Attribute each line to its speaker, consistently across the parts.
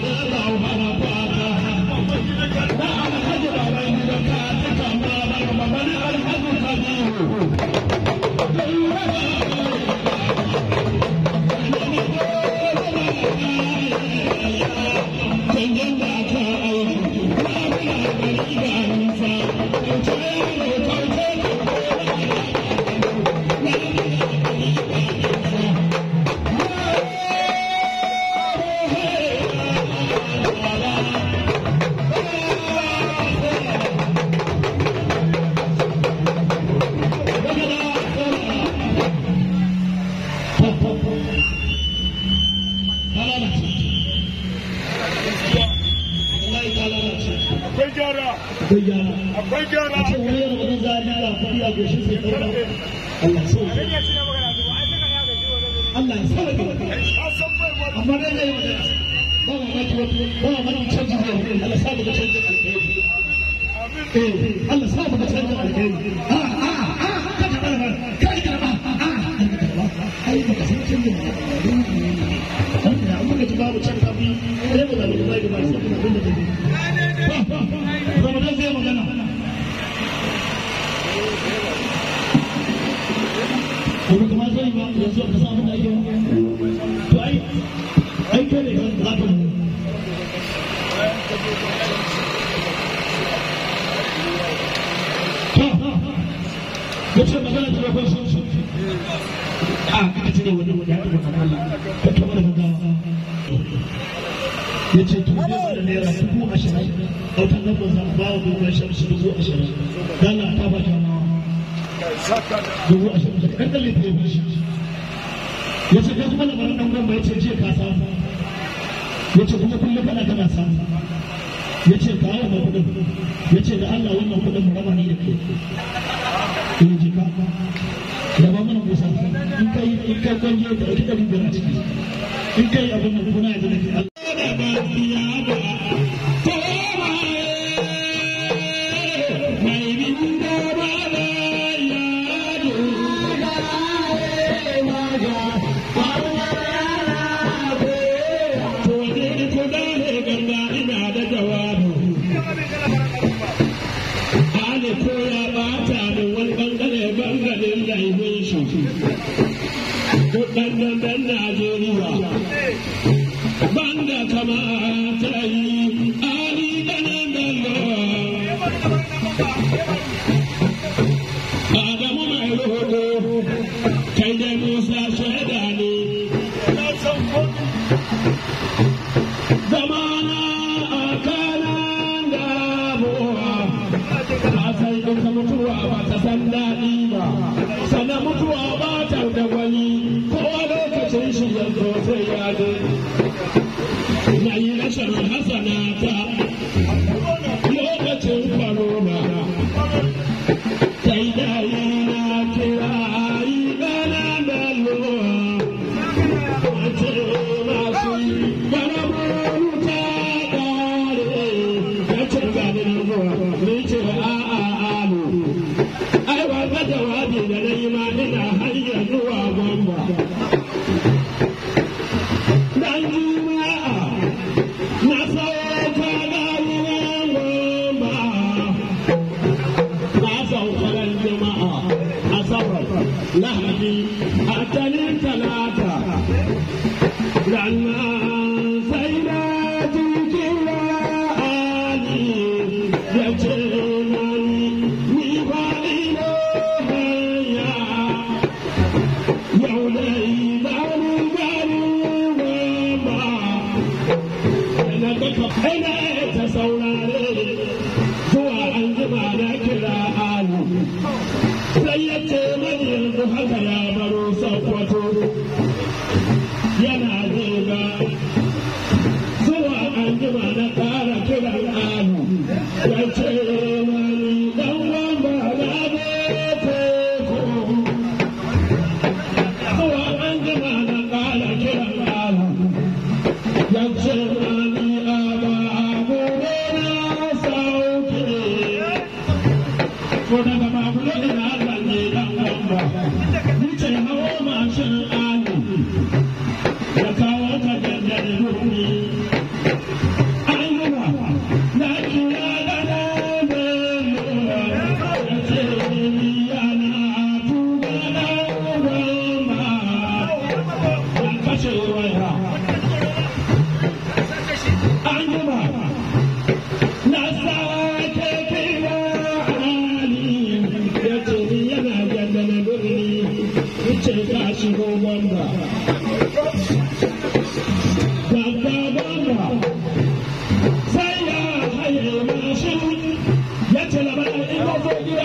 Speaker 1: भॻवान भ akwai gyara akwai gyara a cikin wani ramadan za a gyara a goshin sai Allah Allah ya amma dai ba ma maki wato ba ma maki canji Allah Allah kuma kuma sani ba da su a ya da naira dubu ashirin autan nan ba za dubu ashirin dubu ya bishi ya ce kuma labarin ɗan ya ce ka ya ce kuma kullum kana kana ya ce ka ma ya ce da Allah mu ni da ya ka ba mana in kai in kai kwanje da ɗari biyar a ciki in kai abin da kuna ke Allah. kasan daɗi ba sana mutuwa ba ta da wani نهدي حتى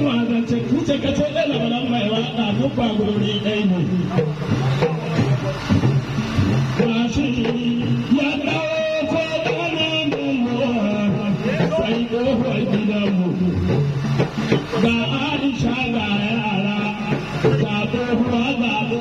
Speaker 1: ruwa zance kuce kace ɗaya labaran mai waɗa nufa gori ɗai ne. ya dawo ko ɗana mai sai ƙofar gidanmu. Ga Aisha ga yara, ga ƙofa ga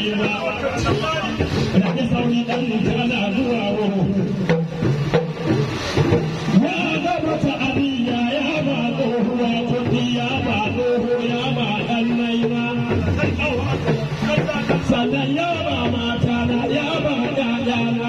Speaker 1: Rage ana zuwa Ya abiya ya ba ba Sannan mata na yaba ba ɗaɗana.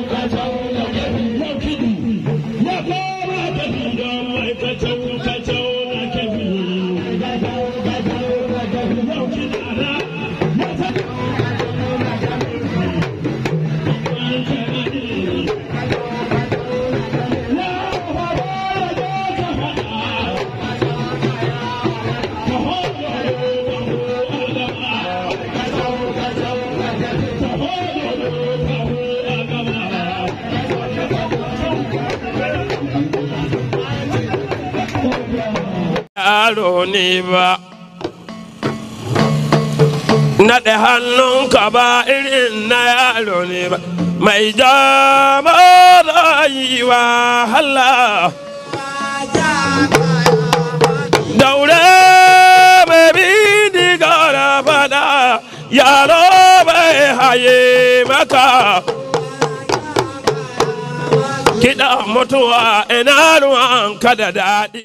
Speaker 1: haruni ba naɗe hannunka ba irin na yaro mai jama rayuwa hala daure mai digara fada yaro bai haye maka kiɗa mutuwa ina ruwan ka da